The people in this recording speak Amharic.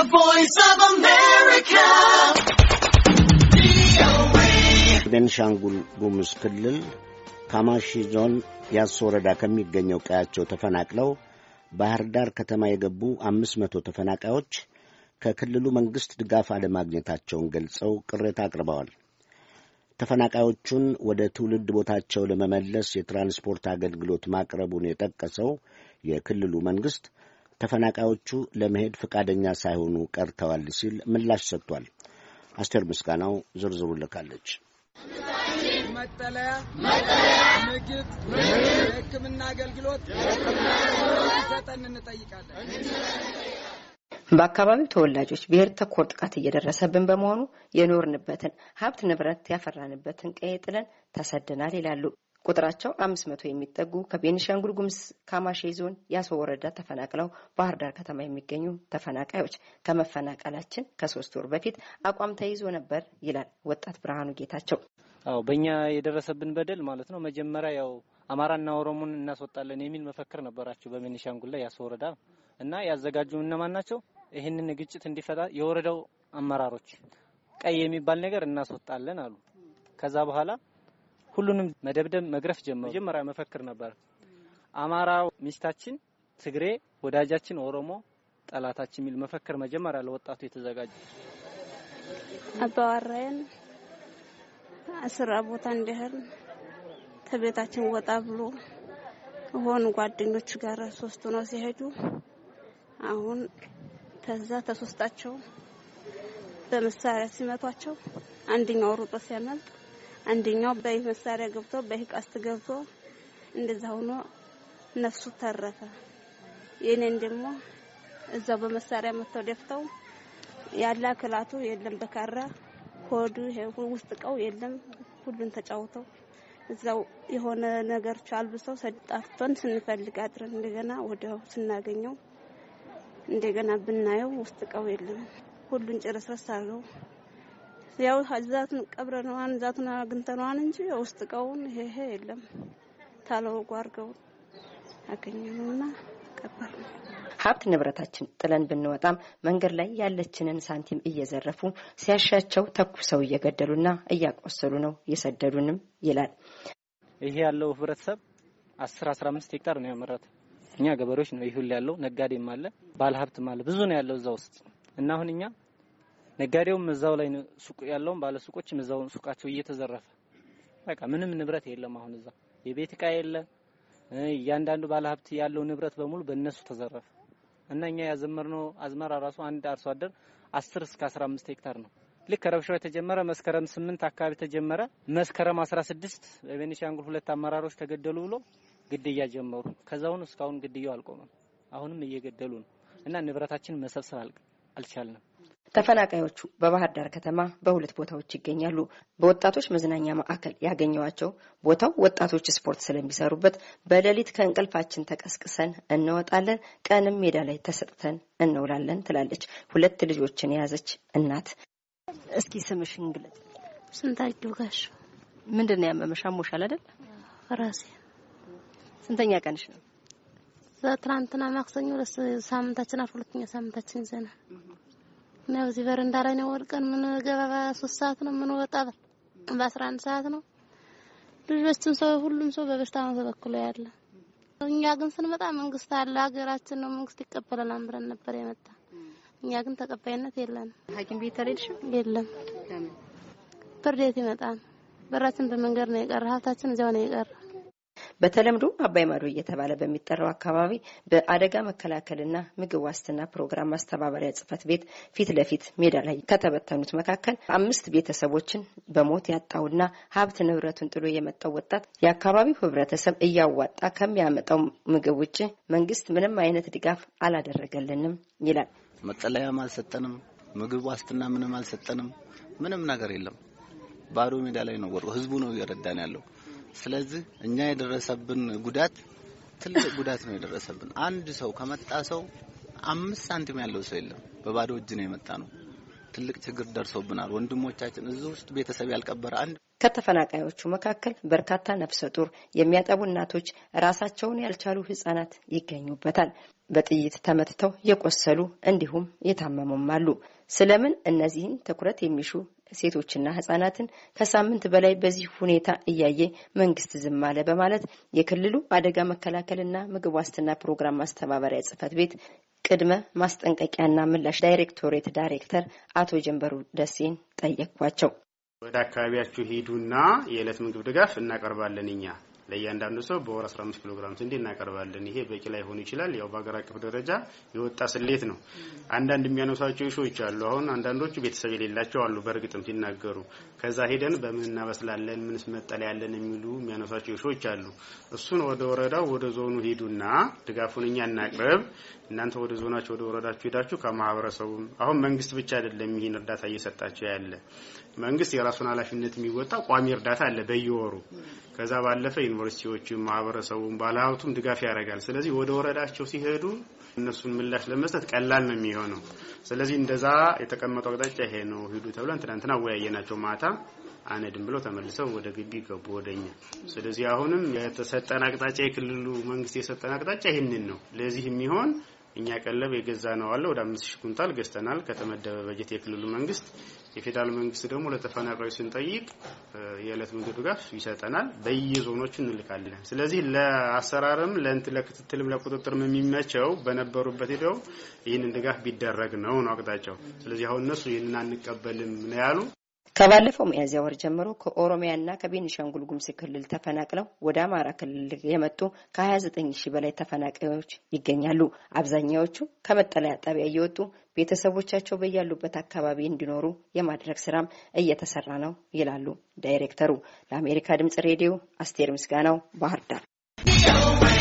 The Voice of America. ቤንሻንጉል ጉሙዝ ክልል ካማሺ ዞን ያሶ ወረዳ ከሚገኘው ቀያቸው ተፈናቅለው ባህር ዳር ከተማ የገቡ አምስት መቶ ተፈናቃዮች ከክልሉ መንግሥት ድጋፍ አለማግኘታቸውን ገልጸው ቅሬታ አቅርበዋል። ተፈናቃዮቹን ወደ ትውልድ ቦታቸው ለመመለስ የትራንስፖርት አገልግሎት ማቅረቡን የጠቀሰው የክልሉ መንግሥት ተፈናቃዮቹ ለመሄድ ፈቃደኛ ሳይሆኑ ቀርተዋል ሲል ምላሽ ሰጥቷል። አስቴር ምስጋናው ዝርዝሩ ልካለች። መጠለያ፣ ምግብ፣ አገልግሎት እንጠይቃለን። በአካባቢው ተወላጆች ብሔር ተኮር ጥቃት እየደረሰብን በመሆኑ የኖርንበትን ሀብት ንብረት ያፈራንበትን ቀዬ ጥለን ተሰድናል ይላሉ። ቁጥራቸው አምስት መቶ የሚጠጉ ከቤኒሻንጉል ጉምዝ ካማሼ ዞን ያሶ ወረዳ ተፈናቅለው ባህር ዳር ከተማ የሚገኙ ተፈናቃዮች ከመፈናቀላችን ከሶስት ወር በፊት አቋም ተይዞ ነበር ይላል ወጣት ብርሃኑ ጌታቸው። አዎ በእኛ የደረሰብን በደል ማለት ነው። መጀመሪያ ያው አማራና ኦሮሞን እናስወጣለን የሚል መፈክር ነበራቸው በቤኒሻንጉል ላይ ያሶ ወረዳ እና ያዘጋጁ እነማን ናቸው? ይህንን ግጭት እንዲፈታ የወረዳው አመራሮች ቀይ የሚባል ነገር እናስወጣለን አሉ። ከዛ በኋላ ሁሉንም መደብደብ፣ መግረፍ ጀመሩ። መጀመሪያ መፈክር ነበር አማራ ሚስታችን፣ ትግሬ ወዳጃችን፣ ኦሮሞ ጠላታችን የሚል መፈክር መጀመሪያ ለወጣቱ የተዘጋጀ አባዋራየን ስራ ቦታ እንዲህል ከቤታችን ወጣ ብሎ ሆን ጓደኞች ጋር ሶስቱ ነው ሲሄዱ አሁን ከዛ ተሶስታቸው በመሳሪያ ሲመቷቸው አንደኛው ሩጦ ሲያመልጥ አንደኛው በይህ መሳሪያ ገብቶ በይህ ቀስት ገብቶ እንደዛ ሆኖ ነፍሱ ተረፈ። የኔን ደግሞ እዛው በመሳሪያ መጥተው ደፍተው ያለ አክላቱ የለም በካራ ሆዱ ውስጥ ቀው የለም ሁሉን ተጫውተው እዛው የሆነ ነገር አልብሰው ሰጣፍቶን ስንፈልግ አድረን እንደገና ወዲያው ስናገኘው እንደገና ብናየው ውስጥ ቀው የለም ሁሉን ጭርስርስ አድርገው ያው ዛቱን ቀብረነዋን ዛቱን አግኝተነዋን እንጂ የውስጥ እቃውን ይሄ ይሄ የለም ታለው ጓርገው አገኘነውና ቀበር ሀብት ንብረታችን ጥለን ብንወጣም መንገድ ላይ ያለችንን ሳንቲም እየዘረፉ ሲያሻቸው ተኩሰው እየገደሉና እያቆሰሉ ነው እየሰደዱንም ይላል። ይሄ ያለው ህብረተሰብ አስር አስራ አምስት ሄክታር ነው ያመረት። እኛ ገበሬዎች ነው ይሁል ያለው ነጋዴም አለ ባለሀብትም አለ ብዙ ነው ያለው እዛ ውስጥ እና አሁን እኛ ነጋዴውም እዛው ላይ ሱቅ ያለውም ባለ ሱቆች እዛው ሱቃቸው እየተዘረፈ በቃ ምንም ንብረት የለም። አሁን እዛ የቤት እቃ የለ። እያንዳንዱ ባለ ሀብት ያለው ንብረት በሙሉ በእነሱ ተዘረፈ እና እኛ ያዘመርነው አዝመራ ራሱ አንድ አርሶ አደር 10 እስከ 15 ሄክታር ነው። ልክ ረብሻው የተጀመረ መስከረም 8 አካባቢ ተጀመረ። መስከረም 16 በቤኒሻንጉል ሁለት አመራሮች ተገደሉ ብሎ ግድያ ጀመሩ። ከዛውን እስካሁን ግድያው አልቆመም። አሁንም እየገደሉ ነው እና ንብረታችን መሰብሰብ አልቀ አልቻልንም። ተፈናቃዮቹ በባህር ዳር ከተማ በሁለት ቦታዎች ይገኛሉ። በወጣቶች መዝናኛ ማዕከል ያገኘዋቸው ቦታው ወጣቶች ስፖርት ስለሚሰሩበት በሌሊት ከእንቅልፋችን ተቀስቅሰን እንወጣለን፣ ቀንም ሜዳ ላይ ተሰጥተን እንውላለን ትላለች ሁለት ልጆችን የያዘች እናት። እስኪ ስምሽ እንግለጽ። ስንታየው ጋሽ። ምንድን ነው ያመመሽ? አሞሻል አይደል? ራሴ። ስንተኛ ቀንሽ ነው? ትናንትና ማክሰኞ ለስ ሳምንታችን አፍ ሁለተኛ ሳምንታችን ይዘናል። እና በዚህ በረንዳ ላይ ነው ወድቀን ምን ገባ በሶስት ሰዓት ነው ምን ወጣ በአስራ አንድ ሰዓት ነው። ልጆችም ሰው ሁሉም ሰው በበሽታ ነው ተበክሎ ያለ። እኛ ግን ስንመጣ መንግስት አለ ሀገራችን ነው መንግስት ይቀበላል ብለን ነበር የመጣ። እኛ ግን ተቀባይነት የለንም። ሐኪም ቤት የለም ፍርድ ቤት ይመጣል። በራችን በመንገድ ነው የቀረ ሀብታችን እዚያው ነው የቀረ በተለምዶ አባይ ማዶ እየተባለ በሚጠራው አካባቢ በአደጋ መከላከልና ምግብ ዋስትና ፕሮግራም ማስተባበሪያ ጽህፈት ቤት ፊት ለፊት ሜዳ ላይ ከተበተኑት መካከል አምስት ቤተሰቦችን በሞት ያጣውና ሀብት ንብረቱን ጥሎ የመጣው ወጣት የአካባቢው ህብረተሰብ እያዋጣ ከሚያመጣው ምግብ ውጭ መንግስት ምንም አይነት ድጋፍ አላደረገልንም ይላል። መጠለያም አልሰጠንም፣ ምግብ ዋስትና ምንም አልሰጠንም፣ ምንም ነገር የለም። ባዶ ሜዳ ላይ ነው ወርቆ ህዝቡ ነው እየረዳን ያለው። ስለዚህ እኛ የደረሰብን ጉዳት ትልቅ ጉዳት ነው የደረሰብን። አንድ ሰው ከመጣ ሰው አምስት ሳንቲም ያለው ሰው የለም። በባዶ እጅ ነው የመጣ ነው። ትልቅ ችግር ደርሶብናል። ወንድሞቻችን እዚህ ውስጥ ቤተሰብ ያልቀበረ አንድ ከተፈናቃዮቹ መካከል በርካታ ነፍሰ ጡር የሚያጠቡ እናቶች፣ ራሳቸውን ያልቻሉ ህጻናት ይገኙበታል። በጥይት ተመትተው የቆሰሉ እንዲሁም የታመሙም አሉ። ስለምን እነዚህን ትኩረት የሚሹ ሴቶችና ህጻናትን ከሳምንት በላይ በዚህ ሁኔታ እያየ መንግስት ዝም አለ በማለት የክልሉ አደጋ መከላከልና ምግብ ዋስትና ፕሮግራም ማስተባበሪያ ጽህፈት ቤት ቅድመ ማስጠንቀቂያና ምላሽ ዳይሬክቶሬት ዳይሬክተር አቶ ጀንበሩ ደሴን ጠየኳቸው። ወደ አካባቢያችሁ ሂዱና የዕለት ምግብ ድጋፍ እናቀርባለን። እኛ ለእያንዳንዱ ሰው በወር 15 ኪሎ ግራም ስንዴ እናቀርባለን። ይሄ በቂ ላይሆን ይችላል። ያው በሀገር አቀፍ ደረጃ የወጣ ስሌት ነው። አንዳንድ የሚያነሷቸው እሾች አሉ። አሁን አንዳንዶቹ ቤተሰብ የሌላቸው አሉ፣ በእርግጥም ሲናገሩ። ከዛ ሄደን በምን እናበስላለን፣ ምንስ መጠለያ ያለን የሚሉ የሚያነሷቸው እሾች አሉ። እሱን ወደ ወረዳው ወደ ዞኑ ሂዱና ድጋፉን እኛ እናቅርብ። እናንተ ወደ ዞናቸው ወደ ወረዳችሁ ሄዳችሁ ከማህበረሰቡም አሁን መንግስት ብቻ አይደለም ይህን እርዳታ እየሰጣቸው ያለ መንግስት የራሱን ኃላፊነት የሚወጣ ቋሚ እርዳታ አለ በየወሩ። ከዛ ባለፈ ዩኒቨርሲቲዎችም፣ ማህበረሰቡም፣ ባለሀብቱም ድጋፍ ያደርጋል። ስለዚህ ወደ ወረዳቸው ሲሄዱ እነሱን ምላሽ ለመስጠት ቀላል ነው የሚሆነው። ስለዚህ እንደዛ የተቀመጠው አቅጣጫ ይሄ ነው ሂዱ ተብለን ትናንትና አወያየናቸው። ማታ አነድም ብለው ተመልሰው ወደ ግቢ ገቡ ወደኛ። ስለዚህ አሁንም የተሰጠን አቅጣጫ የክልሉ መንግስት የሰጠን አቅጣጫ ይህንን ነው። ለዚህ የሚሆን እኛ ቀለብ የገዛ ነው አለ ወደ 5000 ኩንታል ገዝተናል ከተመደበ በጀት የክልሉ መንግስት። የፌዴራል መንግስት ደግሞ ለተፈናቃዩ ስንጠይቅ የዕለት ምግብ ድጋፍ ይሰጠናል። በየዞኖቹ እንልካለን። ስለዚህ ለአሰራርም ለእንት ለክትትልም ለቁጥጥርም የሚመቸው በነበሩበት ሄደው ይህንን ድጋፍ ቢደረግ ነው ነው አቅጣጫው። ስለዚህ አሁን እነሱ ይህንን አንቀበልም ነው ያሉ። ከባለፈው ሚያዝያ ወር ጀምሮ ከኦሮሚያና ከቤኒሻንጉል ጉሙዝ ክልል ተፈናቅለው ወደ አማራ ክልል የመጡ ከ29 ሺህ በላይ ተፈናቃዮች ይገኛሉ። አብዛኛዎቹ ከመጠለያ ጣቢያ እየወጡ ቤተሰቦቻቸው በያሉበት አካባቢ እንዲኖሩ የማድረግ ስራም እየተሰራ ነው ይላሉ ዳይሬክተሩ። ለአሜሪካ ድምጽ ሬዲዮ አስቴር ምስጋናው ባህር ዳር